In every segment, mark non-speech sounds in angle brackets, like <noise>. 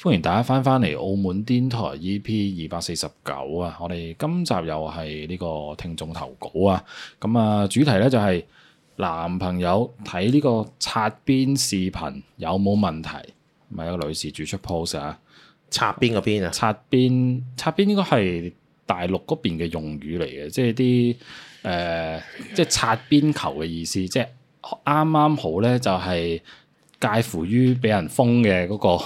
歡迎大家翻返嚟《澳門電台 EP 二百四十九》啊！我哋今集又係呢個聽眾投稿啊！咁、嗯、啊，主題呢就係男朋友睇呢個擦邊視頻有冇問題？咪有女士住出 pose 啊！擦邊個邊啊？擦邊擦邊應該係大陸嗰邊嘅用語嚟嘅，即係啲誒，即係擦邊球嘅意思，即係啱啱好呢，就係、是。介乎於俾人封嘅嗰、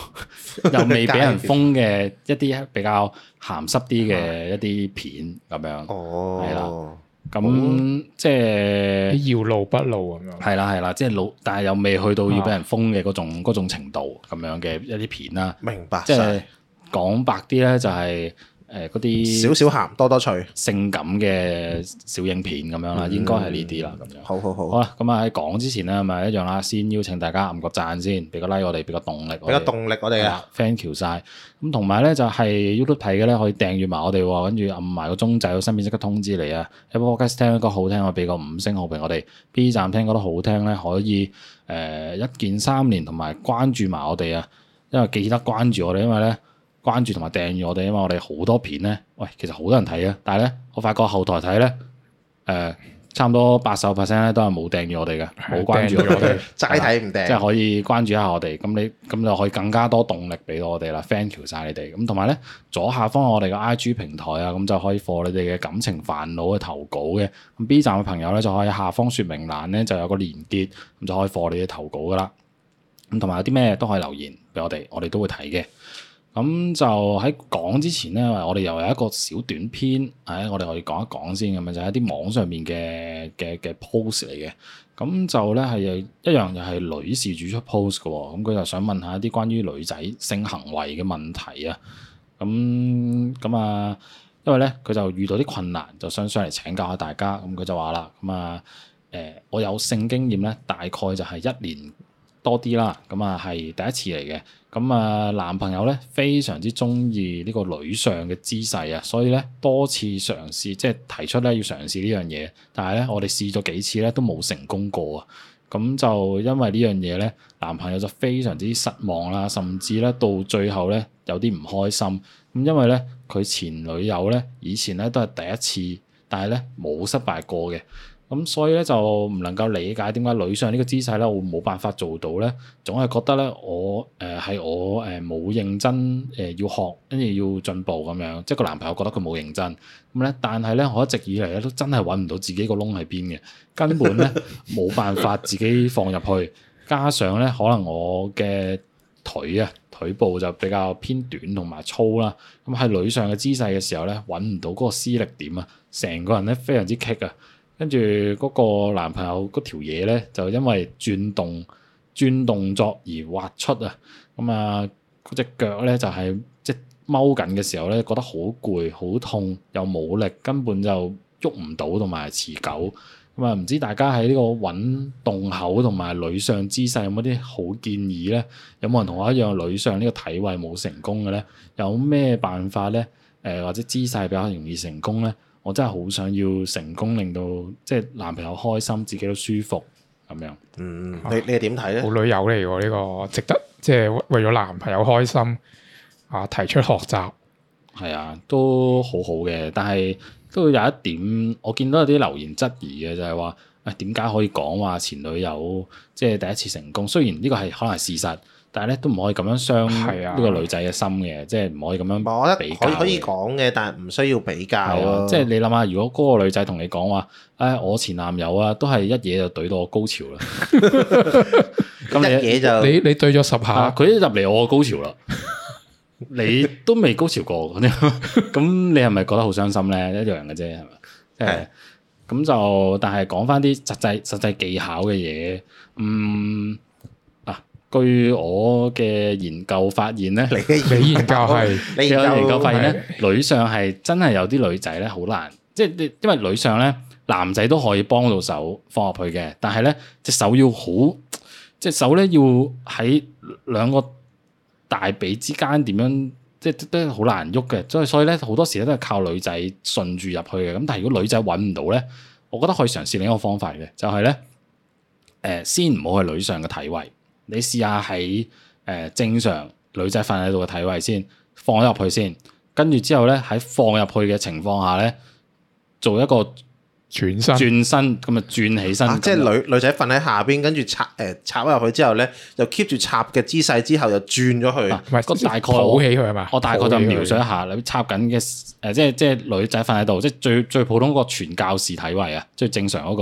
那個， <laughs> 又未俾人封嘅一啲比較鹹濕啲嘅一啲片咁嗎樣，係啦、哦，咁、嗯、即係是要露不露咁樣。係啦係啦，即係露，但係又未去到要俾人封嘅嗰種、啊、種程度咁樣嘅一啲片啦。明白，即係是的講白啲咧、就是，就係。誒啲少少鹹，多多趣，性感嘅小影片咁樣啦，嗯、應該係呢啲啦，咁樣、嗯嗯。好好好。好啦，咁啊喺講之前咧，咪、就是、一樣啦，先邀請大家按個讚先，俾個 like 我哋，俾個動力。俾個動力我哋啊。Thank you 曬咁，同埋咧就係、是、YouTube 睇嘅咧，可以訂住埋我哋喎，跟住按埋個鐘仔，身邊即刻通知你啊！Apple Podcast 聽覺得好聽，我俾個五星好評我哋。B 站聽覺得好聽咧，可以誒、呃、一鍵三連，同埋關注埋我哋啊！因為記得關注我哋，因為咧。關注同埋訂閱我哋，因為我哋好多片咧，喂，其實好多人睇啊，但係咧，我發覺後台睇咧，誒、呃，差唔多八十 percent 咧都係冇訂閱我哋嘅，冇 <laughs> 關注我哋，齋睇唔訂，即係可以關注一下我哋，咁你咁就可以更加多動力俾到我哋啦，thank you 曬你哋，咁同埋咧左下方我哋嘅 IG 平台啊，咁就可以放你哋嘅感情煩惱嘅投稿嘅，咁 B 站嘅朋友咧就可以下方説明欄咧就有個連結，咁就可以放你嘅投稿噶啦，咁同埋有啲咩都可以留言俾我哋，我哋都會睇嘅。咁就喺講之前咧，我哋又有一個小短篇，誒，我哋可以講一講先，咁咪就係、是、一啲網上面嘅嘅嘅 post 嚟嘅。咁就咧、是、係一樣又係女事主出 post 嘅，咁佢就想問下一啲關於女仔性行為嘅問題啊。咁咁啊，因為咧佢就遇到啲困難，就想上嚟請教下大家。咁佢就話啦，咁啊誒、呃，我有性經驗咧，大概就係一年多啲啦。咁啊，係第一次嚟嘅。咁啊，男朋友咧非常之中意呢個女上嘅姿勢啊，所以咧多次嘗試，即係提出咧要嘗試呢樣嘢。但係咧，我哋試咗幾次咧都冇成功過啊。咁就因為呢樣嘢咧，男朋友就非常之失望啦，甚至咧到最後咧有啲唔開心。咁因為咧佢前女友咧以前咧都係第一次，但係咧冇失敗過嘅。咁所以咧就唔能夠理解點解女上呢個姿勢咧，我冇辦法做到咧，總係覺得咧我誒係、呃、我誒冇、呃、認真誒、呃、要學，跟住要進步咁樣，即係個男朋友覺得佢冇認真咁咧。但係咧，我一直以嚟咧都真係揾唔到自己個窿喺邊嘅，根本咧冇 <laughs> 辦法自己放入去。加上咧，可能我嘅腿啊腿部就比較偏短同埋粗啦，咁喺女上嘅姿勢嘅時候咧揾唔到嗰個私力點啊，成個人咧非常之棘啊！跟住嗰個男朋友嗰條嘢咧，就因為轉動轉動作而滑出啊！咁、嗯、啊，嗰隻腳咧就係、是、即踎緊嘅時候咧，覺得好攰、好痛、又冇力，根本就喐唔到同埋持久。咁、嗯、啊，唔知大家喺呢個揾洞口同埋女上姿勢有冇啲好建議咧？有冇人同我一樣女上呢個體位冇成功嘅咧？有咩辦法咧？誒、呃、或者姿勢比較容易成功咧？我真係好想要成功，令到即係男朋友開心，自己都舒服咁樣。嗯，啊、你你係點睇咧？好女友嚟喎，呢個值得即係為咗男朋友開心啊，提出學習。係啊，都好好嘅，但係都有一點我見到有啲留言質疑嘅，就係話誒點解可以講話前女友即係第一次成功？雖然呢個係可能係事實。但係咧，都唔、啊、可以咁樣傷呢個女仔嘅心嘅，即係唔可以咁樣。我覺得比佢可以講嘅，但係唔需要比較、啊、即係你諗下，如果嗰個女仔同你講話，誒、哎，我前男友啊，都係一嘢就懟到我高潮啦。咁嘢就你你懟咗十下，佢 <laughs> 一入嚟我高潮啦， <laughs> 你都未高潮過咁 <laughs> 你係咪覺得好傷心咧？一樣嘅啫，係嘛？係。咁就，但係講翻啲實際實際技巧嘅嘢，嗯。嗯但是但是據我嘅研究發現咧，你、就係、 <laughs> 研究係，研究發現咧， <laughs> 女上係真係有啲女仔咧好難，即係，因為女上咧男仔都可以幫到手放入去嘅，但係咧隻手要好，隻手咧要喺兩個大髀之間點樣，即係都好難喐嘅，所以所以咧好多時咧都係靠女仔順住入去嘅，咁但係如果女仔揾唔到咧，我覺得可以嘗試另一個方法嘅，就係咧，誒，先唔好去女上嘅體位。你試下喺誒正常女仔瞓喺度嘅體位先，放咗入去先，跟住之後咧喺放入去嘅情況下咧，做一個轉身，轉身咁，啊轉起身、啊。即係女女仔瞓喺下邊，跟住插誒、呃、插咗入去之後咧，又 keep 住插嘅姿勢，之後又轉咗去。唔係，個大概抱起佢係嘛？我大概就描述一下你插緊嘅誒，即係即係女仔瞓喺度，即係最最普通個傳教士體位啊，即係正常嗰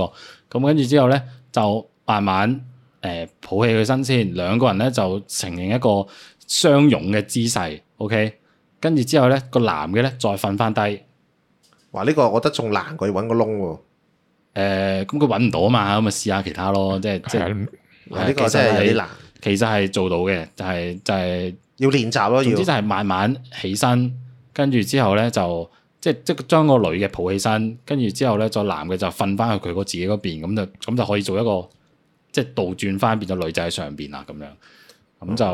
個。咁跟住之後咧，就慢慢。誒，抱起佢身先，兩個人咧就呈現一個相擁嘅姿勢，OK。跟住之後咧，個男嘅咧再瞓翻低。哇！呢、這個我覺得仲難過、啊，我要搵個窿。誒，咁佢搵唔到啊嘛，咁咪試下其他咯，即係即係。呢、嗯這個真係你難。其實係做到嘅，就係、是、就係、是。要練習咯。總之就係慢慢起身，跟住之後咧就即係即將個女嘅抱起身，跟住之後咧再男嘅就瞓翻去佢個自己嗰邊，咁就咁就可以做一個。即係倒轉翻變咗女仔喺上邊啦，咁樣咁就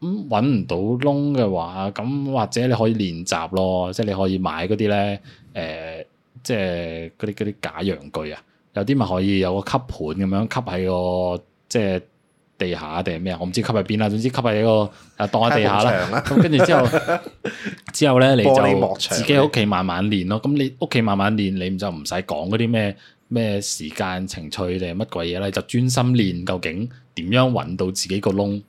咁揾唔、嗯嗯、到窿嘅話，咁或者你可以練習咯，即係你可以買嗰啲咧，誒、呃，即係嗰啲啲假陽具啊，有啲咪可以有個吸盤咁樣吸喺、個即係地下定係咩啊？我唔知吸喺邊啦，總之吸喺個誒當喺地下啦。咁跟住之後， <laughs> 之後咧你就自己喺屋企慢慢練咯。咁你屋企慢慢練，你唔就唔使講嗰啲咩？咩時間情緒定乜鬼嘢咧？就專心練，究竟點樣揾到自己個窿？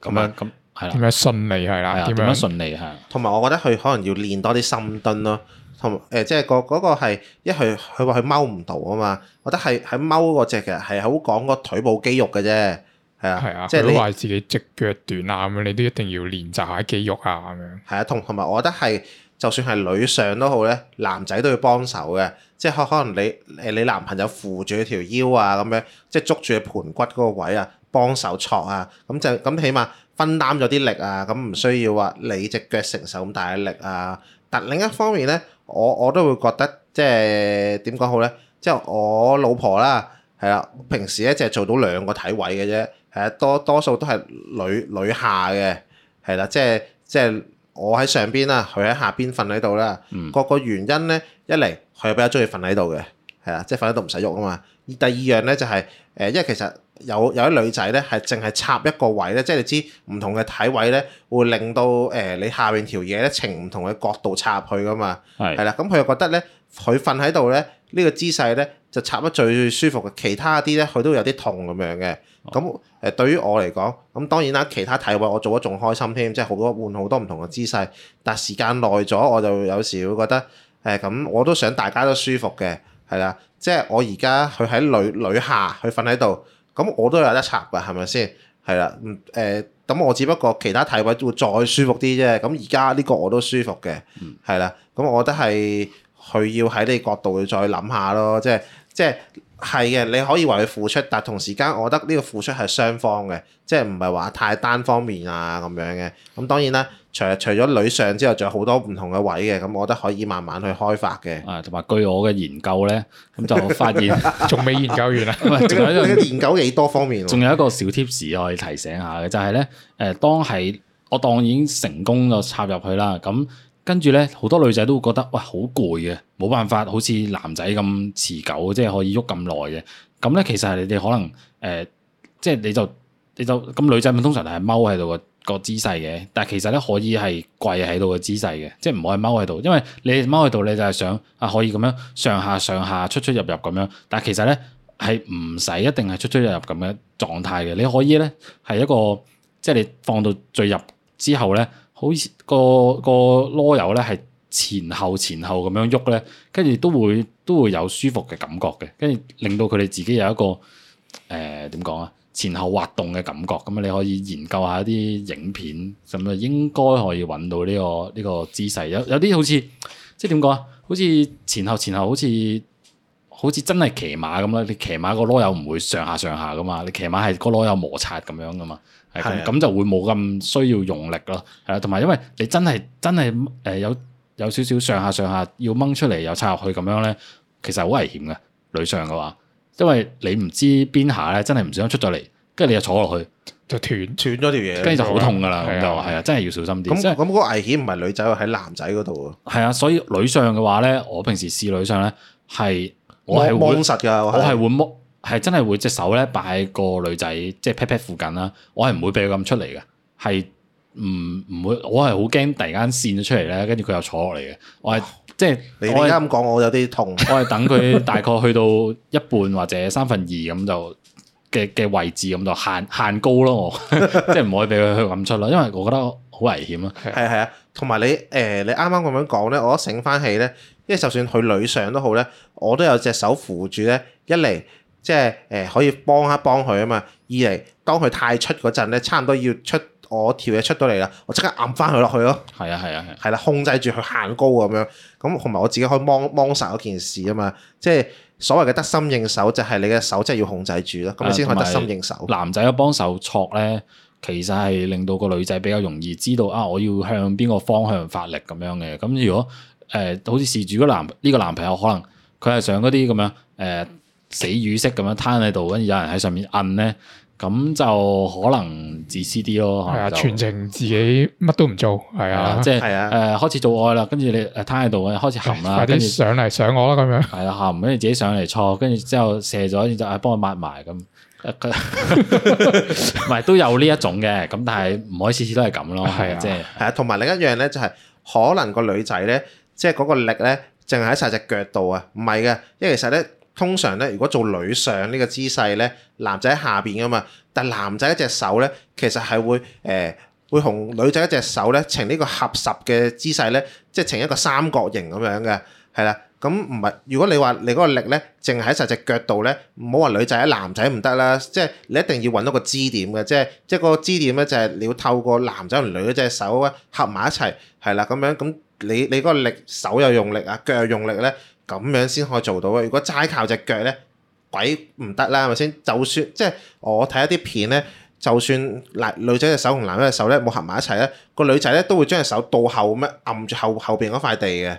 咁樣咁係啦，點樣順利係啦？係啊，點樣順利係？同埋我覺得佢可能要練多啲深蹲咯。同誒、嗯，即係、呃，個嗰個係一，佢佢話佢踎唔到啊嘛。我覺得係喺踎嗰隻嘅係好講個腿部肌肉嘅啫。係啊係啊，啊即係你話自己隻腳短啊咁樣，你都一定要練習下肌肉啊咁樣。係啊，同同埋我覺得係。就算係女上都好咧，男仔都要幫手嘅，即係可可能你誒你男朋友扶住佢條腰啊咁樣，即係捉住佢盤骨嗰個位幫啊，幫手戳啊，咁就咁起碼分擔咗啲力啊，咁唔需要話你隻腳承受咁大嘅力啊。但另一方面咧，我我都會覺得即係點講好咧，即係我老婆啦，係啦，平時咧就做到兩個體位嘅啫，係啊，多多數都係女女下嘅，係啦，即係即係。我喺上邊啦，佢喺下邊瞓喺度啦。個、嗯、個原因呢，一嚟佢比較鍾意瞓喺度嘅，係啊，即係瞓喺度唔使喐啊嘛。第二樣呢、就係，就係因為其實。有有啲女仔咧係淨係插一個位咧，即係你知唔同嘅體位咧，會令到誒、呃、你下面條嘢咧，呈唔同嘅角度插入去㗎嘛。係係啦，咁佢又覺得咧，佢瞓喺度咧，呢、呢個姿勢咧就插得最舒服嘅，其他啲咧佢都有啲痛咁樣嘅。咁誒、哦嗯、對於我嚟講，咁、嗯、當然啦，其他體位我做得仲開心添，即係好多換好多唔同嘅姿勢。但係時間耐咗，我就有時會覺得誒咁、嗯嗯，我都想大家都舒服嘅，係啦，即係我而家佢喺女女、女下，佢瞓喺度。咁我都有得插㗎，係咪先？係啦，嗯、呃、誒，咁我只不過其他體位會再舒服啲啫。咁而家呢個我都舒服嘅，係啦、嗯。咁我覺得係佢要喺呢個角度去再諗下咯，即係即係。係嘅，你可以為佢付出，但同時間，我覺得呢個付出係雙方嘅，即係唔係話太單方面啊咁樣嘅。咁當然啦，除除咗女上之外，仲有好多唔同嘅位嘅，咁我覺得可以慢慢去開發嘅。啊，同埋據我嘅研究咧，咁就發現仲未 <laughs> 研究完啊，仲 <laughs> 有研究幾多方面，仲有一個小 tips 可以提醒下嘅就係咧，誒，當係我當已經成功咗插入去啦，咁。跟住咧，好多女仔都會覺得，哇，好攰嘅，冇辦法好似男仔咁持久，即係可以喐咁耐嘅。咁咧，其實你哋可能誒、呃，即係你就你就咁，女仔咪通常係踎喺度個個姿勢嘅，但係其實咧可以係跪喺度嘅姿勢嘅，即係唔可以踎喺度，因為你踎喺度你就係想啊可以咁樣上下上下出出入入咁樣，但係其實咧係唔使一定係出出入入咁樣狀態嘅，你可以咧係一個即係你放到最入之後咧。好似個個囉柚咧，係前後前後咁樣喐咧，跟住都會都會有舒服嘅感覺嘅，跟住令到佢哋自己有一個誒點講啊，前後滑動嘅感覺。咁你可以研究一下一啲影片，咁啊應該可以揾到呢個呢個姿勢。有有啲好似即係點講啊？好似前後前後好，好似好似真係騎馬咁樣。你騎馬個囉柚唔會上下上下噶嘛？你騎馬係個囉柚摩擦咁樣噶嘛？係咁就會冇咁需要用力咯，係啦，同埋因為你真係真係誒有有少少上下上下要掹出嚟又插入去咁樣咧，其實好危險嘅。女上嘅話，因為你唔知邊下咧，真係唔想出咗嚟，跟住你就坐落去就斷斷咗條嘢，跟住就好痛噶啦。就，係啊，的真係要小心啲。咁咁即係個危險唔係女仔喺男仔嗰度啊。係啊，所以女上嘅話咧，我平時試女上咧係我係摸，摸實噶，我係會摸。係真係會隻手咧，擺喺個女仔即係 pat pat 附近啦。我係唔會俾佢咁出嚟嘅，係唔唔會。我係好驚突然間線咗出嚟咧，跟住佢又坐落嚟嘅。我係、哦、即係你而家咁講，我，我有啲痛。我係等佢大概去到一半或者三分二咁就嘅嘅位置咁就限限高咯。我即係唔可以俾佢去咁出啦，因為我覺得好危險啦。係啊係啊，同埋你誒，你啱啱咁樣講咧，我一醒翻起咧，因為就算佢女上都好咧，我都有隻手扶住咧，一嚟。即係誒可以幫一幫佢啊嘛。二嚟當佢太出嗰陣咧，差唔多要出我條嘢出到嚟啦，我即刻按翻佢落去咯。係啊係啊係。係啦、啊啊，控制住佢行高咁樣。咁同埋我自己可以幫幫殺嗰件事啊嘛。即係所謂嘅得心應手，就係你嘅手真係要控制住咯。咁你先可以得心應手。啊、有男仔一幫手挫咧，其實係令到個女仔比較容易知道啊，我要向邊個方向發力咁樣嘅。咁如果誒、呃、好似事主嗰男呢、呢個男朋友可能佢係想嗰啲咁樣誒。呃死魚式咁樣攤喺度，跟住有人喺上面摁咧，咁就可能自私啲咯。係啊，全程自己乜都唔做，係、哎、啊，即係誒開始做愛啦，跟住你誒攤喺度，開始含啦，跟住、哎、快啲上嚟上我啦咁樣。係啊、嗯，含跟住自己上嚟坐，跟住之後射咗，然後就係幫佢抹埋咁。唔係都有呢一種嘅，咁但係唔可以次次都係咁咯，係啊、哎呀，即係是。係啊、就是，同埋另一樣咧，就係可能個女仔咧，即係嗰個力咧，淨係喺晒隻腳度啊，唔係嘅，因為其實咧。通常咧，如果做女上呢個姿勢咧，男仔喺下邊噶嘛，但男仔一隻手咧，其實係會誒、呃，會同女仔一隻手咧呈呢個合十嘅姿勢咧，即係呈一個三角形咁樣嘅，係啦。咁唔係，如果你話你嗰個力咧，淨喺曬隻腳度咧，唔好話女仔喺男仔唔得啦，即係你一定要揾到個支點嘅，即係即係個支點咧就係你要透過男仔同女仔隻手咧合埋一齊，係啦咁樣，咁你你嗰個力手又用力啊，腳又用力咧。咁樣先可以做到啊！如果齋靠隻腳咧，鬼唔得啦，係咪先？就算即係、就是、我睇一啲片咧，就算嗱，女仔隻手同男仔隻手咧冇合埋一齊咧，個女仔咧都會將隻手倒後咩樣按住後後邊嗰塊地嘅，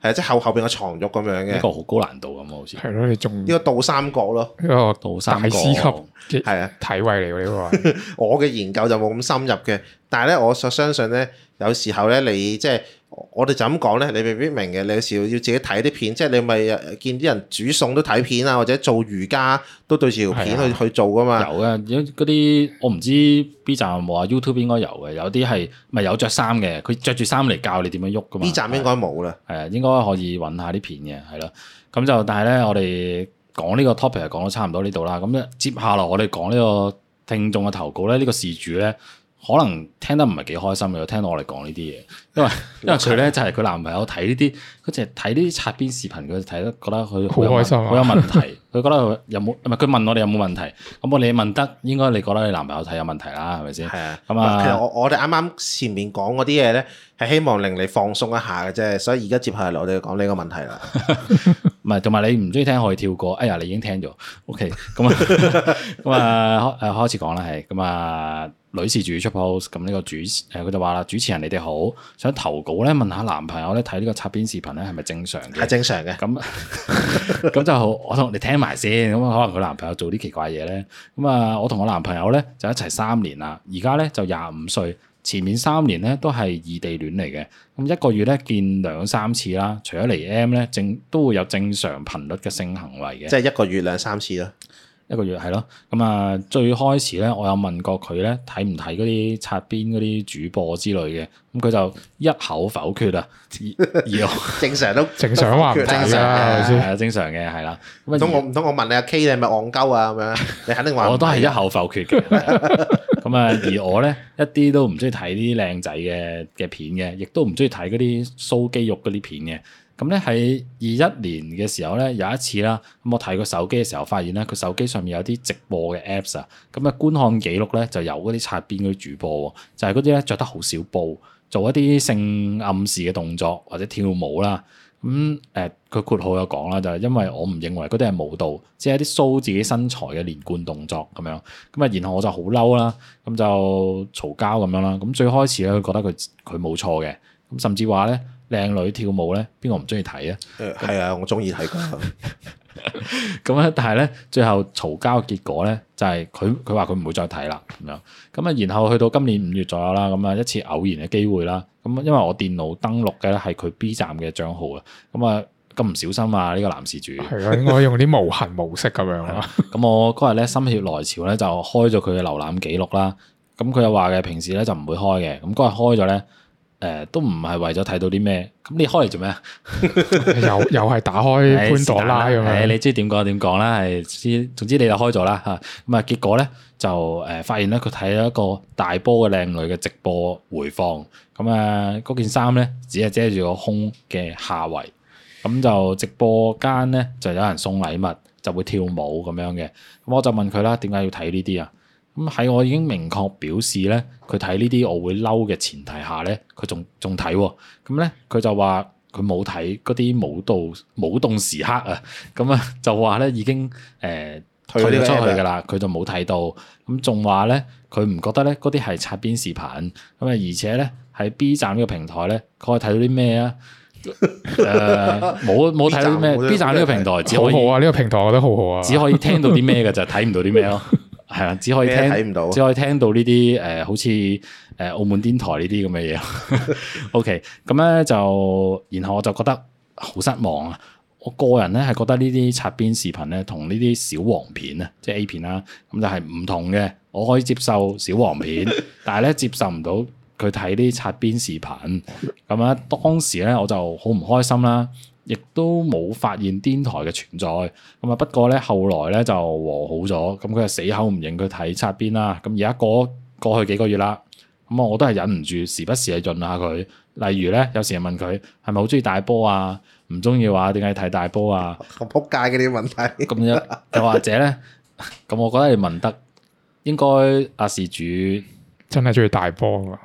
係啊，即係後後邊個床褥咁樣嘅。呢個好高難度咁啊，好似係咯，你仲呢個倒三角咯，呢個倒三角，大師級係啊，體位嚟喎呢個。 <laughs> 我嘅研究就冇咁深入嘅，但係咧，我相信咧，有時候咧，你即係。我哋就咁講咧，你未必明嘅。你有時要自己睇啲片，即係你咪見啲人煮餸都睇片啊，或者做瑜伽都對住條片去、啊、去做噶嘛。有嘅，嗰啲我唔知 B 站有冇啊，YouTube 應該有嘅。有啲係咪有着衫嘅？佢着住衫嚟教你點樣喐噶嘛。B 站應該冇啦。係啊，啊，應該可以揾下啲片嘅，係啦、啊。咁就但係咧，我哋講呢個 topic 係講到差唔多呢度啦。咁咧接下來我哋講呢個聽眾嘅投稿咧，呢、呢個事主咧。可能聽得唔係幾開心嘅，聽到我哋講呢啲嘢，因為因為除就係佢男朋友睇呢啲，佢淨係睇呢啲擦邊視頻，佢睇得覺得佢好開心，好有問題。 <laughs> 佢覺得有冇係佢問我哋有冇問題，咁我哋問得應該你覺得你男朋友睇有問題啦，係咪先？係啊的，咁啊、嗯，其實我我哋啱啱前面講嗰啲嘢咧，係希望令你放鬆一下嘅啫，所以而家接下嚟，我哋講呢個問題啦。唔係， <laughs> 同埋你唔中意聽可以跳過。哎呀，你已經聽咗，OK，咁啊咁啊，開始講啦，係咁啊，女事主出 post，咁、嗯、呢、這個主誒佢就話啦、嗯，主持人你哋好，想投稿咧，問,問下男朋友咧睇呢個擦邊視頻咧係咪正常嘅？係正常嘅，咁咁 <laughs> <laughs> 就好，我同你聽。你聽埋先咁可能佢男朋友做啲奇怪嘢咧。咁啊，我同我男朋友咧就一齊三年啦，而家咧就廿五歲。前面三年咧都係異地戀嚟嘅，咁一個月咧見兩三次啦。除咗嚟 M 咧，正都會有正常頻率嘅性行為嘅，即係一個月兩三次咯。一個月係咯，咁啊最開始咧，我有問過佢咧睇唔睇嗰啲擦邊嗰啲主播之類嘅，咁佢就一口否決啦。而我 <laughs> 正常都 <laughs> 正常話唔正常。係啊，正常嘅係啦。咁我唔通我問你阿 K 你係咪戇鳩啊咁樣？你肯定話 <laughs> 我都係一口否決嘅。咁啊，而我咧一啲都唔中意睇啲靚仔嘅嘅片嘅，亦都唔中意睇嗰啲騷肌肉嗰啲片嘅。咁咧喺二一年嘅時候咧，有一次啦，咁我睇個手機嘅時候，發現咧佢手機上面有啲直播嘅 Apps 啊，咁嘅觀看記錄咧就有嗰啲擦邊嗰啲主播，就係嗰啲咧着得好少布，做一啲性暗示嘅動作或者跳舞啦。咁、嗯、誒，佢、呃、括號有講啦，就係、是、因為我唔認為嗰啲係舞蹈，只係啲 show 自己身材嘅連貫動作咁樣。咁啊，然後我就好嬲啦，咁就嘈交咁樣啦。咁最開始咧，佢覺得佢佢冇錯嘅，咁甚至話咧。靚女跳舞咧，邊個唔中意睇啊？係啊、嗯那，我中意睇噶咁啊，但係咧，最後嘈交嘅結果咧，就係佢佢話佢唔會再睇啦。咁樣咁啊，然後去到今年五月左右啦，咁啊一次偶然嘅機會啦。咁因為我電腦登錄嘅咧係佢 B 站嘅賬號啊。咁啊，咁唔小心啊，呢、這個男事主係啊，應該用啲無痕模式咁樣咯。咁 <laughs> 我嗰日咧心血來潮咧，就開咗佢嘅瀏覽記錄啦。咁佢又話嘅平時咧就唔會開嘅。咁嗰日開咗咧。誒、呃，都唔係為咗睇到啲咩，咁你開嚟做咩啊？又又係打開潘朵拉咁樣， <laughs> 你中意點講點講啦，係之總之你就開咗啦吓，咁啊結果咧就誒發現咧佢睇咗一個大波嘅靚女嘅直播回放，咁啊嗰件衫咧只係遮住個胸嘅下圍，咁就直播間咧就有人送禮物，就會跳舞咁樣嘅，咁我就問佢啦，點解要睇呢啲啊？咁喺我已經明確表示咧，佢睇呢啲我會嬲嘅前提下咧，佢仲仲睇，咁咧佢就話佢冇睇嗰啲舞蹈、舞動時刻啊，咁啊就話咧已經誒、呃、退咗出去噶啦，佢就冇睇到，咁仲話咧佢唔覺得咧嗰啲係擦邊視頻，咁啊而且咧喺 B 站呢個平台咧，佢可以睇到啲咩啊？冇冇睇到咩？B 站呢個平台只可以好好啊！呢、呢個平台我覺得好好啊，只可以聽到啲咩噶就睇唔到啲咩咯。係啦，只可以聽到，只可以聽到呢啲誒，好似誒澳門電台呢啲咁嘅嘢。 <laughs> OK，咁咧就，然後我就覺得好失望啊！我個人咧係覺得呢啲擦邊視頻咧，同呢啲小黃片啊，即係 A 片啦，咁就係唔同嘅。我可以接受小黃片， <laughs> 但係咧接受唔到佢睇啲擦邊視頻。咁咧當時咧我就好唔開心啦。亦都冇發現癲台嘅存在，咁啊不過咧後來咧就和好咗，咁佢又死口唔認佢睇擦邊啦，咁而家過過去幾個月啦，咁啊我都係忍唔住時不時係潤下佢，例如咧有時係問佢係咪好中意大波啊？唔中意嘅話點解睇大波啊？好撲街嘅啲問題，咁又又或者咧，咁 <laughs> 我覺得你問得應該阿事主真係中意大波啊！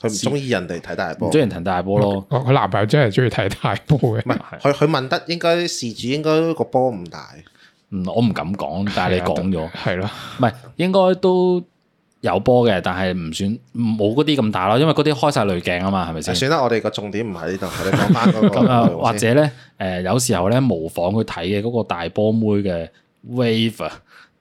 佢唔中意人哋睇大波，中意人騰大波咯。佢 Okay. 男朋友真係中意睇大波嘅。唔係，佢佢問得應該事主應該個波唔大。 <laughs> 嗯，我唔敢講，但係你講咗係咯。唔係， <laughs> 應該都有波嘅，但係唔算冇嗰啲咁大咯。因為嗰啲開晒濾鏡啊嘛，係咪先？ <laughs> 算啦，我哋個重點唔喺呢度，我哋講翻嗰個 <laughs> 或者咧，誒、呃，有時候咧模仿佢睇嘅嗰個大波妹嘅 wave。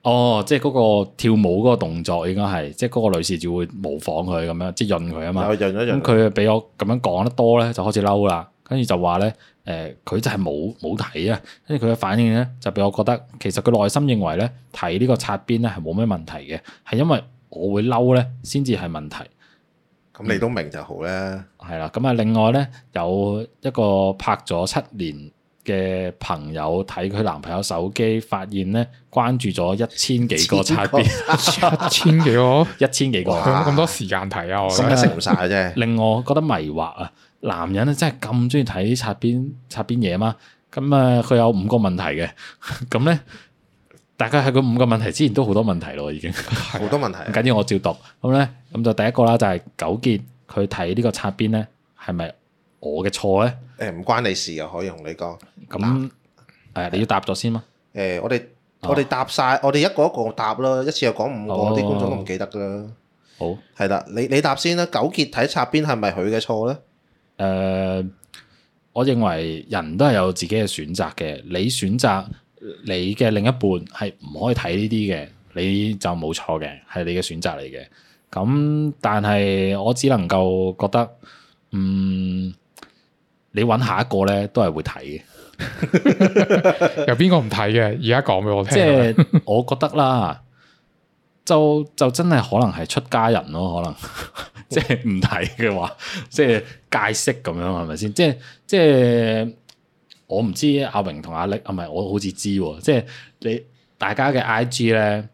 哦，即係嗰個跳舞嗰個動作應該係，即係嗰個女士就會模仿佢咁樣，即係潤佢啊嘛。潤一潤。咁佢俾我咁樣講得多咧，就開始嬲啦。跟住就話咧，誒、呃，佢真係冇冇睇啊。跟住佢嘅反應咧，就俾我覺得其實佢內心認為咧，睇呢個擦邊咧係冇咩問題嘅，係因為我會嬲咧先至係問題。咁、嗯、你都明就好啦，係啦，咁啊，另外咧有一個拍咗七年嘅朋友睇佢男朋友手機，發現咧關注咗一千幾個擦邊，千， <laughs> 一千幾個， <laughs> 一千幾個咁，哇多時間睇啊，食都食唔曬嘅啫。升升令我覺得迷惑啊，男人咧真係咁中意睇擦邊擦邊嘢嘛？咁啊，佢有五個問題嘅，咁咧，大概係佢五個問題之前都好多問題咯，已經好多問題啊。 <laughs> 唔緊要我照讀，咁咧，咁就第一個啦，就係糾結佢睇呢個擦邊咧，係咪？我嘅錯呢，誒唔、欸、關你事啊，可以同你講。咁誒，你要答咗先嘛？誒、欸，我哋、哦、我哋答晒，我哋一個一個答咯，一次又講五個，啲、哦、觀眾都唔記得噶啦。好，係啦，你你答先啦。糾結睇擦邊係咪佢嘅錯呢？誒、呃，我認為人都係有自己嘅選擇嘅。你選擇你嘅另一半係唔可以睇呢啲嘅，你就冇錯嘅，係你嘅選擇嚟嘅。咁但係我只能夠覺得，嗯。你揾下一個咧，都係會睇嘅。有邊個唔睇嘅？而家講俾我聽。即係 <laughs> 我覺得啦，就就真係可能係出家人咯，可能即係唔睇嘅話，即係戒色咁樣，係咪先？即係即係我唔知、啊、阿榮同阿力啊，啊，咪我好似知，即係你大家嘅 I G 咧。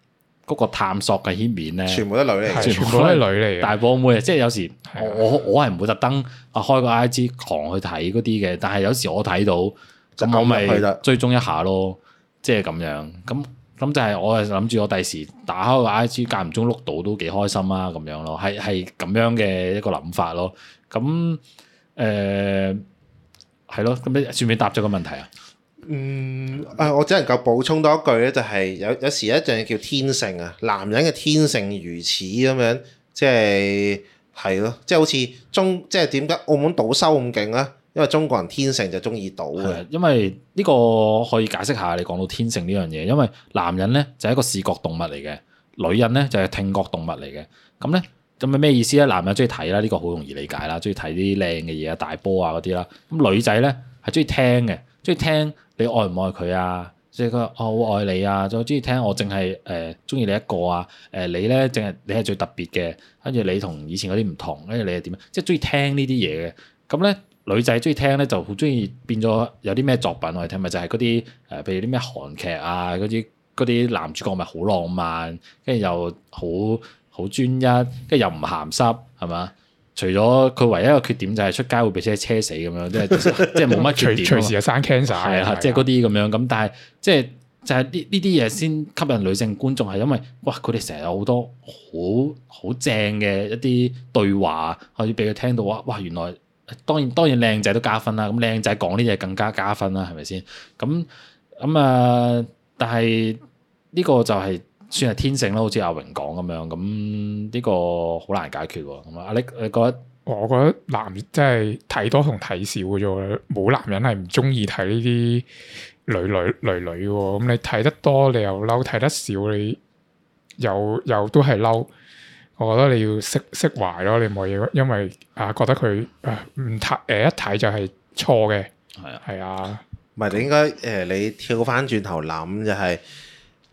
嗰個探索嘅面咧，全部都女嚟，全部都係女嚟嘅。大波妹啊，即係有時我的我我係唔會特登啊開個 I G 狂去睇嗰啲嘅，但係有時我睇到咁我咪追蹤一下咯，即係咁樣。咁咁就係我係諗住我第時打開個 I G 間唔中碌到都幾開心啊，咁樣咯，係係咁樣嘅一個諗法咯。咁誒係咯，咁你算唔算答咗個問題啊？嗯，誒，我只能夠補充多一句咧，就係有有時一樣叫天性啊，男人嘅天性如此咁樣，即係係咯，即係好似中即係點解澳門賭收咁勁咧？因為中國人天性就中意賭嘅。因為呢個可以解釋下你講到天性呢樣嘢，因為男人咧就係一個視覺動物嚟嘅，女人咧就係聽覺動物嚟嘅。咁咧咁係咩意思咧？男人中意睇啦，呢個好容易理解啦，中意睇啲靚嘅嘢啊、大波啊嗰啲啦。咁女仔咧係中意聽嘅。中意聽你愛唔愛佢啊？即係佢話我好愛你啊！就中意聽我淨係誒中意你一個啊！誒你咧淨係你係最特別嘅。跟住你同以前嗰啲唔同，跟住你係點樣？即係中意聽呢啲嘢嘅。咁咧女仔中意聽咧就好中意變咗有啲咩作品我哋聽，咪就係嗰啲誒，譬如啲咩韓劇啊，嗰啲啲男主角咪好浪漫，跟住又好好專一，跟住又唔鹹濕，係嘛？除咗佢唯一嘅缺點就係出街會俾車車死咁樣，即係即係冇乜缺點。隨隨 <laughs> 時就生 cancer 係啊，即係嗰啲咁樣咁，的的但係即係就係呢呢啲嘢先吸引女性觀眾，係因為哇佢哋成日有好多好好正嘅一啲對話可以俾佢聽到啊！哇原來當然當然靚仔都加分啦，咁靚仔講呢嘢更加加分啦，係咪先？咁咁啊，但係呢、呢個就係、是。算係天性咯，好似阿榮講咁樣，咁呢個好難解決喎。阿力，你覺得？我覺得男即係睇多同睇少嘅啫，冇男人係唔中意睇呢啲女女女女嘅。咁你睇得多，你又嬲；睇得少，你又又都係嬲。我覺得你要釋釋懷咯，你冇嘢，因為啊覺得佢唔睇，誒、呃、一睇就係錯嘅。係啊，係啊，唔係你應該誒、呃？你跳翻轉頭諗就係、係。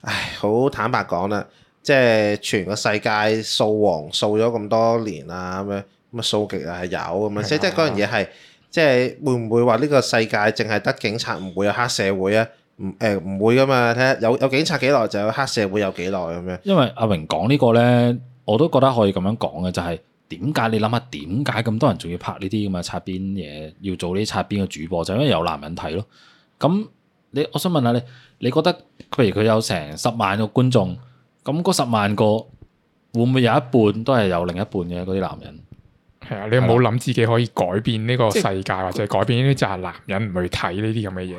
唉，好坦白講啦，即係全個世界掃黃掃咗咁多年啦，咁樣咁啊掃極啊係有咁樣，即係嗰樣嘢係即係會唔會話呢個世界淨係得警察唔會有黑社會啊？唔誒唔會噶嘛？睇下有有警察幾耐就有黑社會有幾耐咁樣。因為阿榮講呢個咧，我都覺得可以咁樣講嘅，就係點解你諗下點解咁多人仲要拍呢啲咁嘅擦邊嘢，要做呢啲擦邊嘅主播，就因為有男人睇咯，咁。你我想問下你，你覺得譬如佢有成十萬個觀眾，咁嗰十萬個會唔會有一半都係有另一半嘅嗰啲男人？係啊，你有冇諗自己可以改變呢個世界，即或者改變呢啲就係男人唔去睇呢啲咁嘅嘢。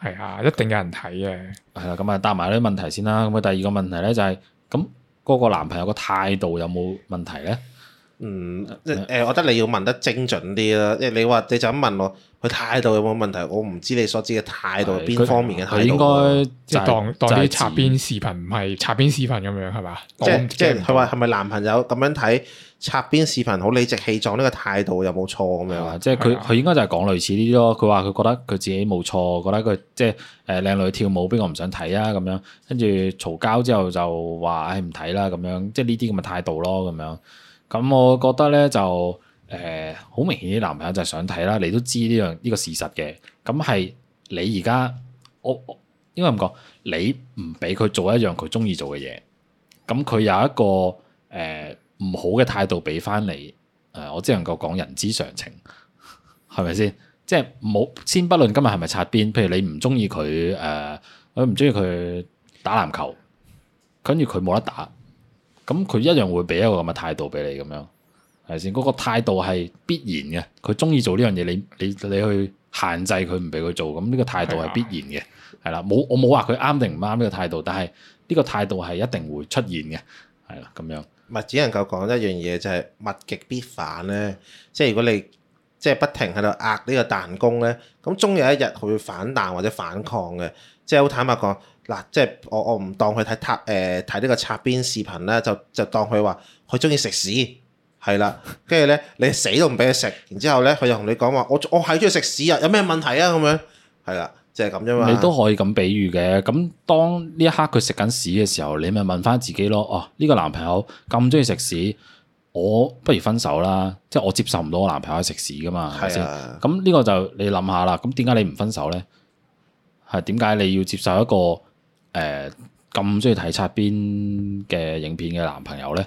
係啊，啊一定有人睇嘅。係啦、啊，咁啊答埋呢啲問題先啦。咁佢第二個問題咧就係、是，咁嗰個男朋友個態度有冇問題咧？嗯，誒，我覺得你要問得精準啲啦，即係你話你就咁問我，佢態度有冇問題？我唔知你所知嘅態度係邊方面嘅態度。佢應該即係當當啲擦邊視頻，唔係擦邊視頻咁樣係嘛？即即係佢話係咪男朋友咁樣睇擦邊視頻好理直氣壯，呢個態度有冇錯咁樣？即係佢佢應該就係講類似啲咯。佢話佢覺得佢自己冇錯，覺得佢即係誒靚女跳舞邊個唔想睇啊咁樣，跟住嘈交之後就話誒唔睇啦咁樣，即係呢啲咁嘅態度咯咁樣。咁我覺得咧就誒好、呃、明顯啲男朋友就係想睇啦，你都知呢樣呢個事實嘅。咁係你而家我應該咁講，你唔俾佢做一樣佢中意做嘅嘢，咁佢有一個誒唔、呃、好嘅態度俾翻你。誒、呃，我只能夠講人之常情，係咪先？即係冇先不論今日係咪擦邊，譬如你唔中意佢誒，佢唔中意佢打籃球，跟住佢冇得打。咁佢一樣會俾一個咁嘅態度俾你咁樣，係先？嗰個態度係必然嘅。佢中意做呢樣嘢，你你你去限制佢唔俾佢做，咁呢個態度係必然嘅。係啦的，冇我冇話佢啱定唔啱呢個態度，但係呢個態度係一定會出現嘅。係啦，咁樣。咪只能夠講一樣嘢就係物極必反咧。即係如果你即係不停喺度壓呢個彈弓咧，咁終有一日佢會，會反彈或者反抗嘅。即係好坦白講。嗱，即係我我唔當佢睇擦，誒、呃、睇呢個擦邊視頻咧，就就當佢話佢中意食屎，係啦，跟住咧你死都唔俾佢食，然之後咧佢就同你講話，我我係中意食屎啊，有咩問題啊？咁樣，係啦，就係咁啫嘛。你都可以咁比喻嘅，咁當呢一刻佢食緊屎嘅時候，你咪問翻自己咯，哦、啊、呢、這個男朋友咁中意食屎，我不如分手啦，即係我接受唔到我男朋友去食屎噶嘛，係咪先？咁呢個就你諗下啦，咁點解你唔分手呢？係點解你要接受一個？誒，咁中意睇擦邊嘅影片嘅男朋友呢？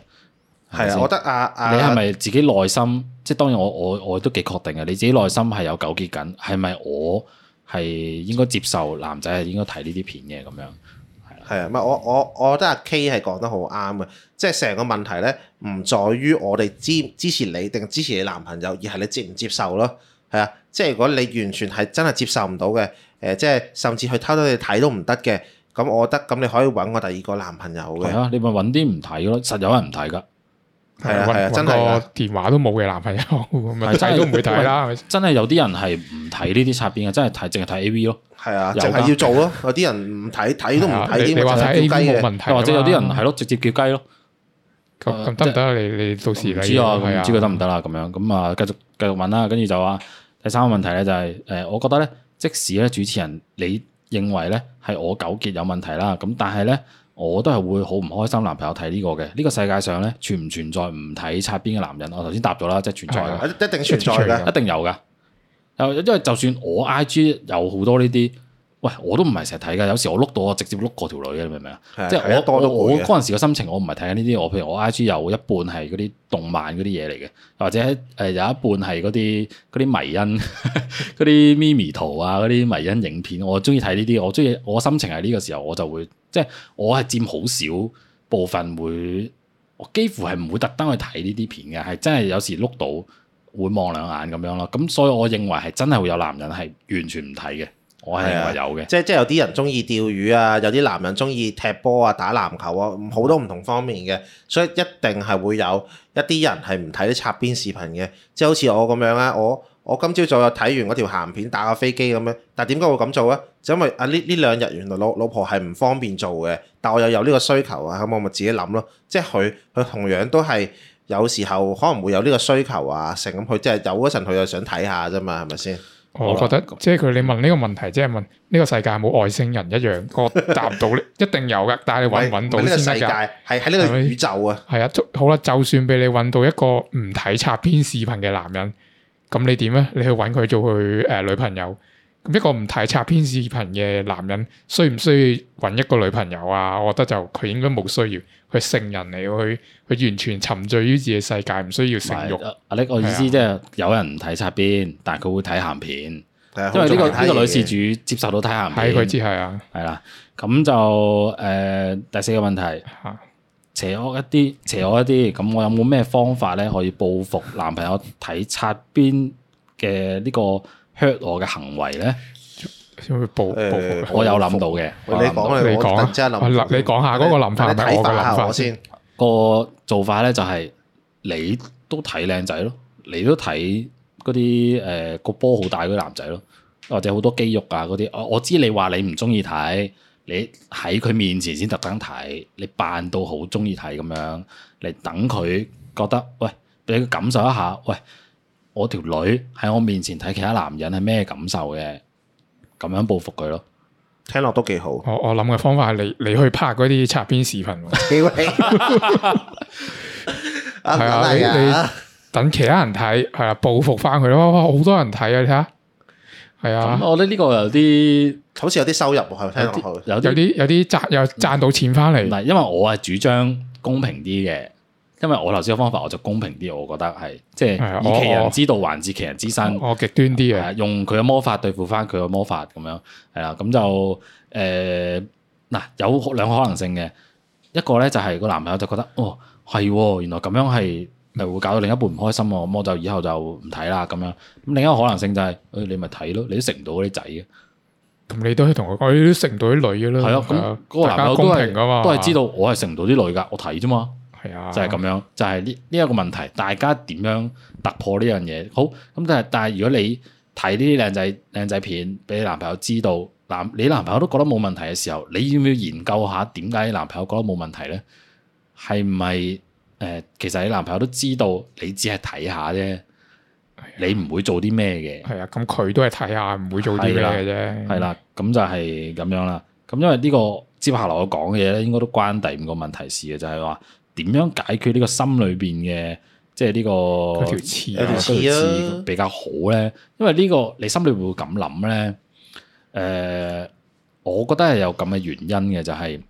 係啊，係啊，我覺得阿阿你係咪自己內心，即係當然我我我都幾確定嘅，你自己內心係有糾結緊，係咪我係應該接受男仔係應該睇呢啲片嘅咁樣？係啊，唔係我我我覺得阿 K 係講得好啱嘅，即係成個問題呢，唔在於我哋支支持你定支持你男朋友，而係你接唔接受咯。係啊，即係如果你完全係真係接受唔到嘅，誒，即係甚至去偷偷去睇都唔得嘅。咁我覺得，咁你可以搵個第二個男朋友嘅。你咪搵啲唔睇咯，實有人唔睇噶。係啊，真係個電話都冇嘅男朋友真係都唔會睇啦。真係有啲人係唔睇呢啲插片嘅，真係睇淨係睇 A V 咯。係啊，淨係要做咯。有啲人唔睇，睇都唔睇。你話睇 A V 冇問題，或者有啲人係咯，直接叫雞咯。咁得唔得？你你到時唔知啊，唔知佢得唔得啦。咁樣咁啊，繼續繼續問啦。跟住就話，第三個問題咧就係誒，我覺得咧，即使咧主持人你。認為咧係我糾結有問題啦，咁但係咧我都係會好唔開心。男朋友睇呢個嘅，呢、這個世界上咧存唔存在唔睇擦邊嘅男人？我頭先答咗啦，即係存在嘅，一定的存在嘅，在一定有嘅。因為就算我 I G 有好多呢啲。喂，我都唔係成日睇噶，有時我碌到我直接碌過條女嘅，你明唔明啊？的即係我我我嗰陣時嘅心情，我唔係睇緊呢啲。我譬如我 IG 有一半係嗰啲動漫嗰啲嘢嚟嘅，或者誒有一半係嗰啲嗰啲迷因、嗰啲咪咪圖啊、嗰啲迷因影片，我中意睇呢啲。我中意我心情係呢個時候，我就會即係我係佔好少部分會，會我幾乎係唔會特登去睇呢啲片嘅，係真係有時碌到會望兩眼咁樣咯。咁所以我認為係真係會有男人係完全唔睇嘅。我係有嘅，即係即係有啲人中意釣魚啊，有啲男人中意踢波啊、打籃球啊，好多唔同方面嘅，所以一定係會有一啲人係唔睇啲擦邊視頻嘅，即係好似我咁樣啊，我我今朝早有睇完嗰條鹹片，打個飛機咁樣，但係點解會咁做啊？就因為啊呢呢兩日原來老老婆係唔方便做嘅，但我又有呢個需求啊，咁我咪自己諗咯。即係佢佢同樣都係有時候可能會有呢個需求啊，成咁佢即係有嗰陣佢又想睇下啫嘛，係咪先？我覺得吧即係佢，你問呢個問題，即、就、係、是、問呢、這個世界冇外星人一樣，我答唔到你一定有噶，但係搵唔搵到先得噶。係喺呢個宇宙啊，係啊，好啦，就算俾你搵到一個唔睇擦邊視頻嘅男人，咁你點咧？你去搵佢做佢誒、呃、女朋友？一個唔睇擦邊視頻嘅男人，需唔需要揾一個女朋友啊？我覺得就佢應該冇需要，佢成人嚟，去佢完全沉醉於自己世界，唔需要性欲。阿力，我意思即係有人唔睇擦邊，但係佢會睇咸片，的因為呢、這個呢的、這個這個女事主接受到睇咸片。係佢知係啊，係啦。咁就誒、呃，第四個問題，邪惡一啲，邪惡一啲。咁我有冇咩方法咧可以報復男朋友睇擦邊嘅呢、這個？hurt 我嘅行為咧，會報報。我有諗到嘅，哎、到你講說你講說啊。我諗，你講下嗰個諗你法咪，我嘅諗法先。個做法咧就係你都睇靚仔咯，你都睇嗰啲誒個波好大嗰啲男仔咯，或者好多肌肉啊嗰啲。我我知你話你唔中意睇，你喺佢面前先特登睇，你扮到好中意睇咁樣，你等佢覺得喂，俾佢感受一下喂。我條女喺我面前睇其他男人係咩感受嘅，咁樣報復佢咯。聽落都幾好。我我諗嘅方法係你你去拍嗰啲擦邊視頻。係啊，你等其他人睇，係啊，報復翻佢咯。哇，好多人睇啊！你睇下，係啊。我覺得呢個有啲，好似有啲收入喎，係咪聽落好？有有啲有啲賺，有賺到錢翻嚟。唔係，因為我係主張公平啲嘅。因為我頭先個方法我就公平啲，我覺得係即係以其人之道我還治其人之身，我極端啲啊！用佢嘅魔法對付翻佢嘅魔法咁樣係啦，咁就誒嗱、呃啊、有兩個可能性嘅，一個咧就係個男朋友就覺得哦，係，原來咁樣係係會搞到另一半唔開心啊，咁我就以後就唔睇啦咁樣。咁另一個可能性就係你咪睇咯，你都食唔到啲仔嘅。咁你都係同佢講，你都食唔到啲女嘅啦。係咯，咁、那、嗰個男朋友都係都係知道我係食唔到啲女噶，我睇啫嘛。係啊，就係咁樣，就係呢呢一個問題，大家點樣突破呢樣嘢？好，咁但係但係，如果你睇呢啲靚仔靚仔片，俾你男朋友知道，男你男朋友都覺得冇問題嘅時候，你要唔要研究下點解你男朋友覺得冇問題呢？係咪誒？其實你男朋友都知道，你只係睇下啫，啊、你唔會做啲咩嘅。係啊，咁佢都係睇下，唔會做啲咩嘅啫。係啦、啊，咁、啊、就係咁樣啦。咁因為呢、這個接下來我講嘅嘢咧，應該都關第五個問題事嘅，就係、是、話。點樣解決呢個心裏邊嘅，即係呢個條刺啊，嗰條刺、啊條刺啊、比較好呢？因為呢、這個你心裏會唔會咁諗呢，誒、呃，我覺得係有咁嘅原因嘅，就係、是、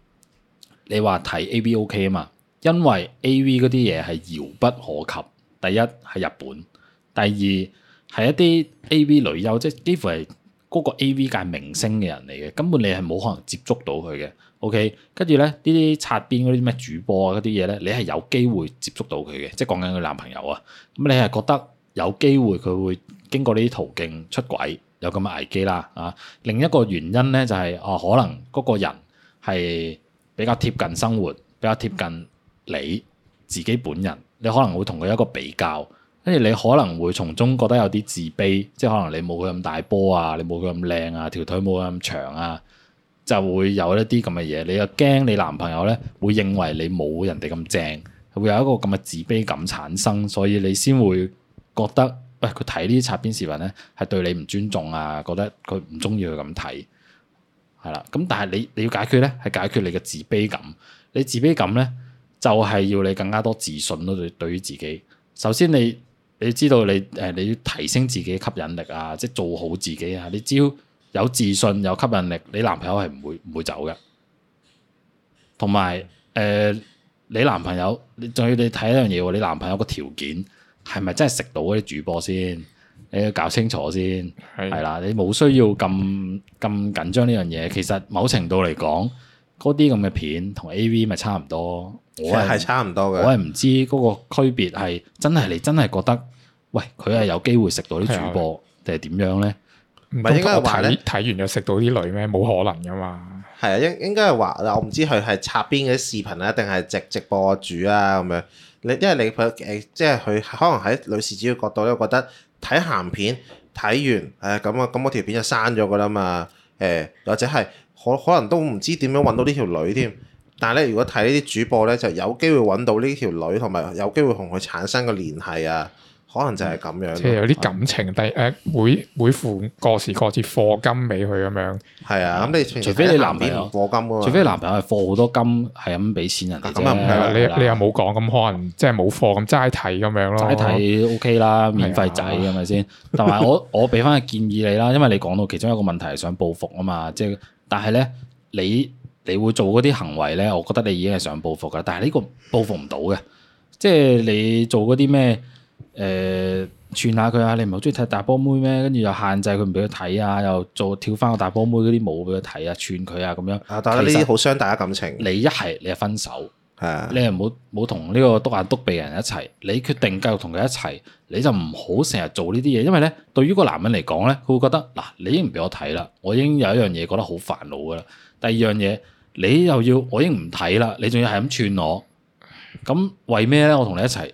你話睇 A V O K 啊嘛，因為 A V 嗰啲嘢係遙不可及，第一係日本，第二係一啲 A V 女優，即係幾乎係。嗰個 A.V 界明星嘅人嚟嘅，根本你係冇可能接觸到佢嘅，OK？跟住咧，呢啲擦邊嗰啲咩主播啊嗰啲嘢呢，你係有機會接觸到佢嘅，即係講緊佢男朋友啊。咁你係覺得有機會佢會經過呢啲途徑出軌，有咁嘅危機啦啊！另一個原因呢、就係，就係啊，可能嗰個人係比較貼近生活，比較貼近你自己本人，你可能會同佢一個比較。跟住你可能會從中覺得有啲自卑，即係可能你冇佢咁大波啊，你冇佢咁靚啊，條腿冇佢咁長啊，就會有一啲咁嘅嘢。你又驚你男朋友咧會認為你冇人哋咁正，會有一個咁嘅自卑感產生，所以你先會覺得喂，佢睇呢啲擦邊視頻咧係對你唔尊重啊，覺得佢唔中意佢咁睇，係啦。咁但係你你要解決咧係解決你嘅自卑感，你自卑感咧就係、是、要你更加多自信咯。對對於自己，首先你。你知道你誒，你要提升自己吸引力啊，即係做好自己啊。你只要有自信有吸引力，你男朋友係唔會唔會走嘅。同埋誒，你男朋友，你仲要你睇一樣嘢，你男朋友個條件係咪真係食到嗰啲主播先？你要搞清楚先，係啦的，你冇需要咁咁緊張呢樣嘢。其實某程度嚟講。嗰啲咁嘅片同 A.V. 咪差唔多，我係差唔多嘅，我係唔知嗰個區別係真係你真係覺得，喂佢係有機會食到啲主播定係點樣咧？唔係應該話咧睇完又食到啲女咩？冇可能噶嘛。係啊，應應該係話，但我唔知佢係擦邊嘅啲視頻啊，定係直直播主啊咁樣。你因為你佢誒即係佢可能喺女事主嘅角度咧，覺得睇鹹片睇完，誒咁啊咁，我條片就刪咗噶啦嘛。誒、哎、或者係。可可能都唔知點樣揾到呢條女添，但係咧，如果睇呢啲主播咧，就有機會揾到呢條女，同埋有機會同佢產生個聯繫啊。可能就係咁樣。即係有啲感情，第誒每每逢過時過節課金俾佢咁樣。係啊，咁你除非你男朋友課金，除非你男朋友係課好多金，係咁俾錢人哋嘅。咁啊唔係、啊，你你又冇講，咁可能即係冇貨咁齋睇咁樣咯。齋睇 OK 啦，免費仔係咪先？同埋是、啊、 <laughs> 我我俾翻個建議你啦，因為你講到其中一個問題係想報復啊嘛，即係。但係咧，你你會做嗰啲行為咧，我覺得你已經係想報復噶。但係呢個報復唔到嘅，即係你做嗰啲咩誒串下佢啊？你唔係好中意睇大波妹咩？跟住又限制佢唔俾佢睇啊，又做跳翻個大波妹嗰啲舞俾佢睇啊，串佢啊咁樣。啊！但係呢啲好傷大家感情。你一係你係分手。你係冇冇同呢個篤眼篤鼻人一齊，你決定繼續同佢一齊，你就唔好成日做呢啲嘢，因為咧對於個男人嚟講咧，佢會覺得嗱，你已經唔俾我睇啦，我已經有一樣嘢覺得好煩惱噶啦。第二樣嘢，你又要我已經唔睇啦，你仲要係咁串我，咁為咩咧？我同你一齊，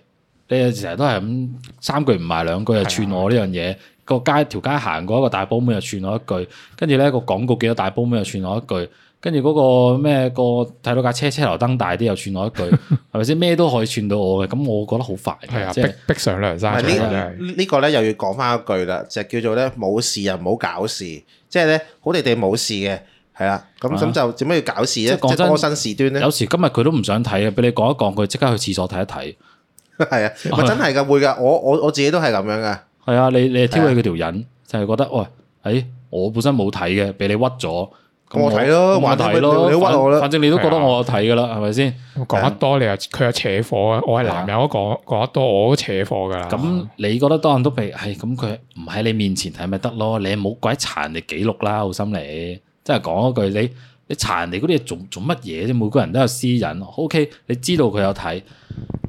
你成日都係咁三句唔埋兩句啊，串我呢樣嘢。的個街條街行過一個大波妹，又串我一句，跟住咧個廣告幾多大波妹，又串我一句。跟住嗰個咩、嗰個睇到架車車頭燈大啲，又串我一句，係咪先，咩都可以串到我嘅？咁我覺得好煩，係啊，逼逼、就是、上梁山。呢這是個咧又要講翻一句啦，就是、叫做咧冇事就唔好搞事，即係咧好地哋冇事嘅，係啦。咁咁就點解要搞事咧？即係、啊、多生事端咧？有時今日佢都唔想睇嘅，俾你講一講，佢即刻去廁所睇一睇。係啊，真係噶會噶，我我我自己都係咁樣噶。係啊，你你係挑起佢條癮，就係、是、覺得喂，誒、哎哎，我本身冇睇嘅，俾你屈咗。咁我睇咯，話睇咯，你屈我啦。反正你都覺得我睇噶啦，係咪先？講得多你又佢又扯火，我係男人，我講講得多我都扯火噶。咁你覺得多人都被係咁佢唔喺你面前睇咪得咯？你冇鬼查人哋記錄啦，好心你，真係。即係講一句你你查人哋嗰啲嘢，做做乜嘢啫？每個人都有私隱。OK，你知道佢有睇，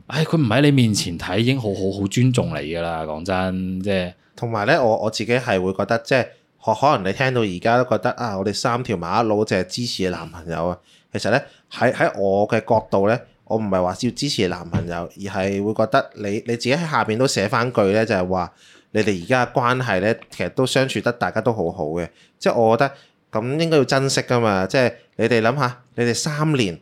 唉，佢唔喺你面前睇已經好好好尊重你噶啦，講真，即係同埋咧，我我自己係會覺得即係。就是可能你聽到而家都覺得啊，我哋三條馬路淨係支持你男朋友啊。其實呢，喺喺我嘅角度呢，我唔係話要支持你男朋友，而係會覺得你你自己喺下面都寫翻句呢，就係話你哋而家嘅關係呢，其實都相處得大家都好好嘅。即係我覺得咁應該要珍惜噶嘛。即係你哋諗下，你哋三年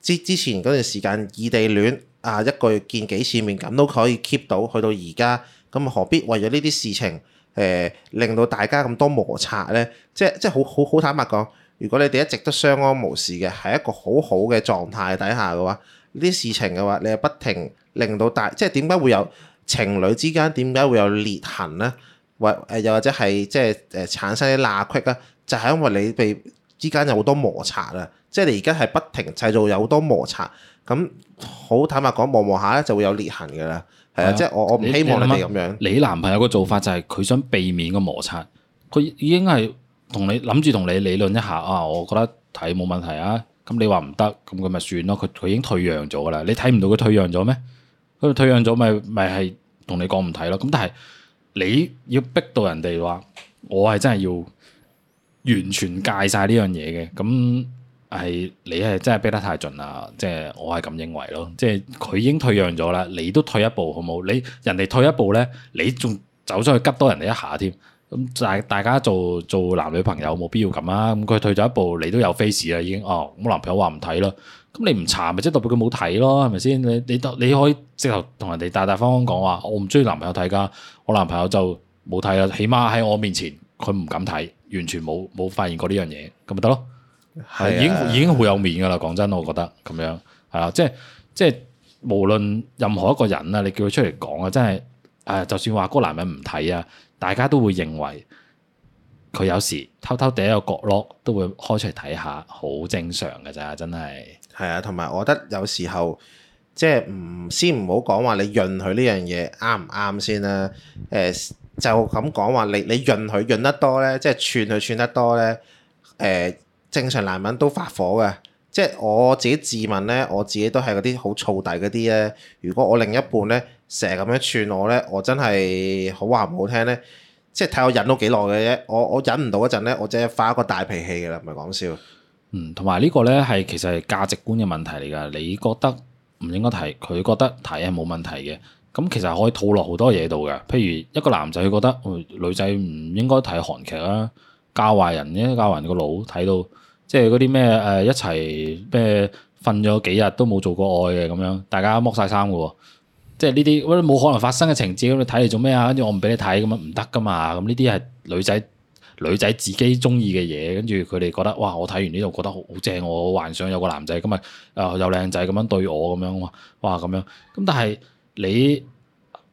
之之前嗰段時間異地戀啊，一個月見幾次面咁都可以 keep 到，去到而家咁何必為咗呢啲事情？誒、呃、令到大家咁多摩擦咧，即係即係好好好坦白講，如果你哋一直都相安無事嘅，係一個好好嘅狀態底下嘅話，呢啲事情嘅話，你又不停令到大，即係點解會有情侶之間點解會有裂痕咧？或誒又或者係即係誒、呃、產生啲罅隙啊？就係、是、因為你哋之間有好多摩擦啦！即係你而家係不停製造有好多摩擦，咁好坦白講，磨磨下咧就會有裂痕㗎喇。對即係我你我唔希望你哋想咁樣，你男朋友個做法就係佢想避免個摩擦，佢已經係同你諗住同你理論一下啊！我覺得睇冇問題啊，咁你話唔得，咁佢咪算咯，佢佢已經退讓咗啦。你睇唔到佢退讓咗咩？佢退讓咗咪咪係同你講唔睇咯。咁但係你要逼到人哋話，我係真係要完全戒晒呢樣嘢嘅咁。係你係真係逼得太盡啦！即係我係咁認為咯，即係佢已經退讓咗啦，你都退一步好冇？你人哋退一步咧，你仲走出去拮多人哋一下添？咁大大家做做男女朋友冇必要咁啊！咁佢退咗一步，你都有 face 啦已經。哦，我男朋友話唔睇咯，咁你唔查咪即係代表佢冇睇咯？係咪先？你你你可以即係同人哋大大方方講話，我唔中意男朋友睇㗎，我男朋友就冇睇啦。起碼喺我面前佢唔敢睇，完全冇冇發現過呢樣嘢，咁咪得咯。係是、啊、已經已經好有面噶啦，講真，我覺得咁樣係啊，即係即係無論任何一個人啊，你叫佢出嚟講啊，真係誒、啊，就算話嗰個男人唔睇啊，大家都會認為佢有時偷偷地喺個角落都會開出嚟睇下，好正常噶咋，真係。係啊，同埋我覺得有時候即係唔先唔好講話，你潤佢呢樣嘢啱唔啱先啦。誒，就咁講話，你你潤佢潤得多咧，即係串佢串得多咧，誒、呃。正常男人都發火嘅，即係我自己自問咧，我自己都係嗰啲好燥底嗰啲咧。如果我另一半咧成日咁樣串我咧，我真係好話唔好聽咧，即係睇我忍咗幾耐嘅啫。我我忍唔到嗰陣咧，我即係發一個大脾氣嘅啦，唔係講笑。嗯，同埋呢個咧係其實係價值觀嘅問題嚟㗎。你覺得唔應該睇，佢覺得睇係冇問題嘅。咁其實可以套落好多嘢度嘅，譬如一個男仔佢覺得女仔唔應該睇韓劇啦。教壞人嘅，教壞人個腦，睇到即係嗰啲咩誒一齊咩瞓咗幾日都冇做過愛嘅咁樣，大家剝晒衫嘅喎，即係呢啲冇可能發生嘅情節咁，你睇嚟做咩啊？跟住我唔俾你睇咁樣唔得噶嘛。咁呢啲係女仔女仔自己中意嘅嘢，跟住佢哋覺得哇，我睇完呢度覺得好好正，我幻想有個男仔咁啊，又靚仔咁樣對我咁樣喎，哇咁樣咁。但係你誒、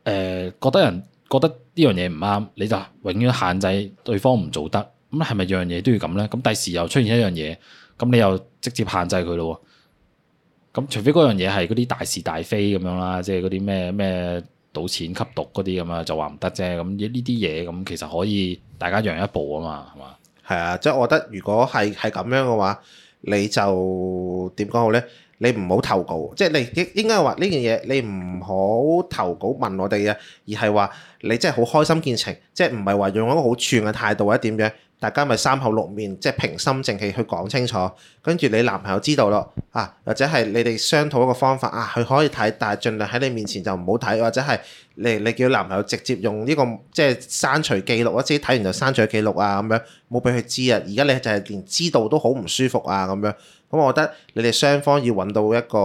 呃、覺得人覺得呢樣嘢唔啱，你就永遠限制對方唔做得。咁係咪樣嘢都要咁咧？咁第時又出現一樣嘢，咁你又直接限制佢咯？咁除非嗰樣嘢係嗰啲大是大非咁樣啦，即係嗰啲咩咩賭錢、吸毒嗰啲咁啊，就話唔得啫。咁呢啲嘢咁，其實可以大家讓一步啊嘛，係嘛？係啊，即係我覺得如果係係咁樣嘅話，你就點講好咧？你唔好投稿，即係你應應該話呢件嘢，你唔好投稿問我哋嘅，而係話你真係好開心見情，即係唔係話用一個好串嘅態度或者點樣？大家咪三口六面，即係平心靜氣去講清楚，跟住你男朋友知道咯啊，或者係你哋商討一個方法啊，佢可以睇，但係盡量喺你面前就唔好睇，或者係你你叫男朋友直接用呢個即係刪除記錄啊，自己睇完就刪除記錄啊，咁樣冇俾佢知啊。而家你就係連知道都好唔舒服啊咁樣。咁我覺得你哋雙方要揾到一個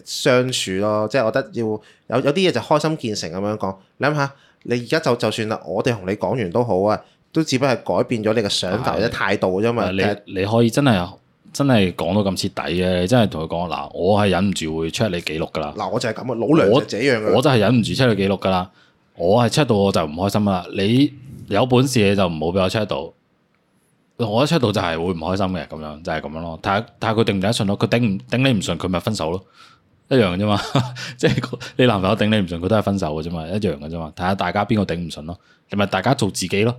誒相處咯，即係我覺得要有有啲嘢就開心見誠。咁樣講。你諗下，你而家就就算啦，我哋同你講完都好啊。都只不過係改變咗你嘅想法的或者態度，因為你看 你可以真係真係講到咁徹底嘅，你真係同佢講嗱，我係忍唔住會 check 你記錄噶啦。嗱，我就係咁啊，老娘就，就樣我真係忍唔住 check 你記錄噶啦，我係 check 到我就唔開心啦。你有本事你就唔好俾我 check 到，我一 check 到就係會唔開心嘅，咁樣就係、是、咁樣咯。睇下睇下佢頂唔頂得順咯，佢頂唔頂你唔順，佢咪分手咯，一樣嘅啫嘛。即 <laughs> 係 <laughs> 你男朋友頂你唔順，佢都係分手嘅啫嘛，一樣嘅啫嘛。睇下大家邊個頂唔順咯，咪大家做自己咯。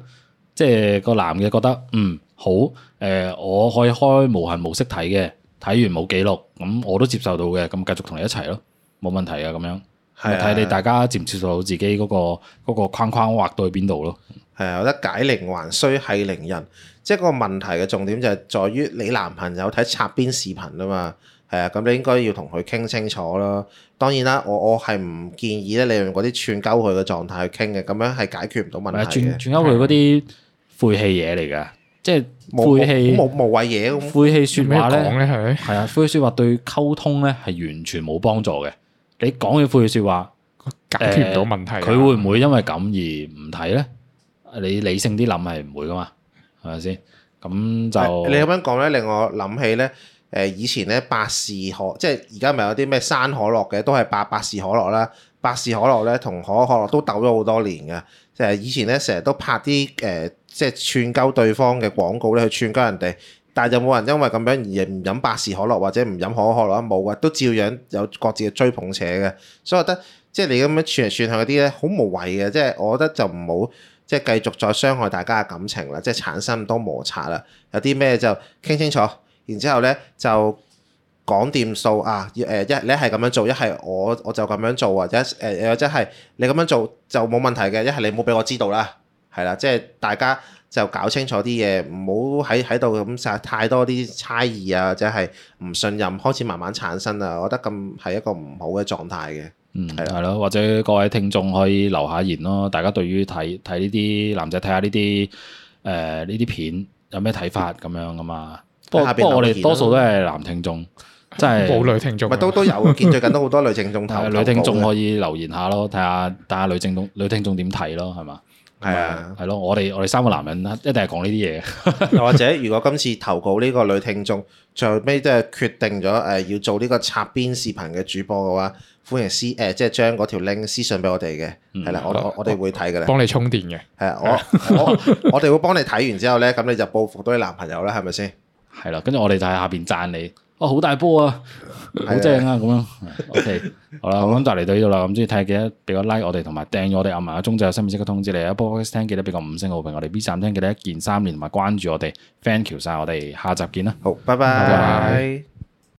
即係個男嘅覺得嗯，好，誒、呃、我可以開無限模式睇嘅，睇完冇記錄，咁我都接受到嘅，咁繼續同你一齊咯，冇問題啊，咁樣。係啊，睇你大家接唔接受到自己嗰個嗰個框框畫到去邊度咯。係啊，我覺得解鈴還須繫鈴人，即係個問題嘅重點就係在於你男朋友睇擦邊視頻啊嘛。係啊，咁你應該要同佢傾清楚啦。當然啦，我我係唔建議咧，你用嗰啲串溝佢嘅狀態去傾嘅，咁樣係解決唔到問題嘅串串溝佢啲。晦氣嘢嚟噶，即係晦氣，無無謂嘢。晦氣說話咧，係係啊，晦氣說話對溝通咧係完全冇幫助嘅。你講嘅晦氣說話， <laughs> 呃、解決唔到問題，佢會唔會因為咁而唔睇咧？你理性啲諗係唔會噶嘛？係咪先？咁就你咁樣講咧，令我諗起咧，誒，以前咧百,百事可，即係而家咪有啲咩山可樂嘅，都係百百事可樂啦。百事可樂咧，同可口可樂都鬥咗好多年嘅。誒，以前咧成日都拍啲誒。呃即係串鳩對方嘅廣告咧，去串鳩人哋，但係就冇人因為咁樣而唔飲百事可樂或者唔飲可口可樂啊？冇啊，都照樣有各自嘅追捧者嘅。所以我覺得，即係你咁樣串嚟串去嗰啲咧，好無謂嘅。即係我覺得就唔好，即係繼續再傷害大家嘅感情啦，即係產生咁多摩擦啦。有啲咩就傾清楚，然之後咧就講掂數啊。要誒，一係，你係咁樣做，一係我我就咁樣做或者誒，或者係、呃呃、你咁樣做就冇問題嘅，一係你唔好俾我知道啦。係啦，即係大家就搞清楚啲嘢，唔好喺喺度咁曬太多啲猜疑啊，或者係唔信任，開始慢慢產生啦。我覺得咁係一個唔好嘅狀態嘅。嗯，係咯，或者各位聽眾可以留下言咯。大家對於睇睇呢啲男仔睇下呢啲誒呢啲片有咩睇法咁樣噶嘛？不過下不過我哋多數都係男聽眾，即係冇女聽眾，咪都都有 <laughs> 見最近都好多女聽眾投，投。女聽眾可以留言下咯，睇下睇下女聽眾女聽眾點睇咯，係嘛？係啊，係咯、啊啊，我哋我哋三個男人啦，一定係講呢啲嘢。又 <laughs> 或者，如果今次投稿呢個女聽眾，最後尾都係決定咗誒，要做呢個擦邊視頻嘅主播嘅話，歡迎私誒，即係將嗰條 link 私信俾我哋嘅。係啦、嗯啊，我我哋會睇㗎啦，幫你充電嘅。係啊， <laughs> 我我我哋會幫你睇完之後咧，咁你就報復到你男朋友啦，係咪先？係啦、啊，跟住我哋就喺下邊讚你。好、哦、大波啊，好正、 <laughs> 嗯、啊，咁是的 樣， <laughs> 樣，OK，好啦，我諗 <laughs> 吧就嚟到呢度啦，咁意睇幾得俾個 like 我哋，同埋訂咗我哋，撳埋個鐘就有新唔新嘅通知你啊，boys 聽記得俾個五星好評，我哋 B 站聽記得一鍵三連同埋關注我哋 thank you 晒我哋，下集見啦。好，拜拜。拜拜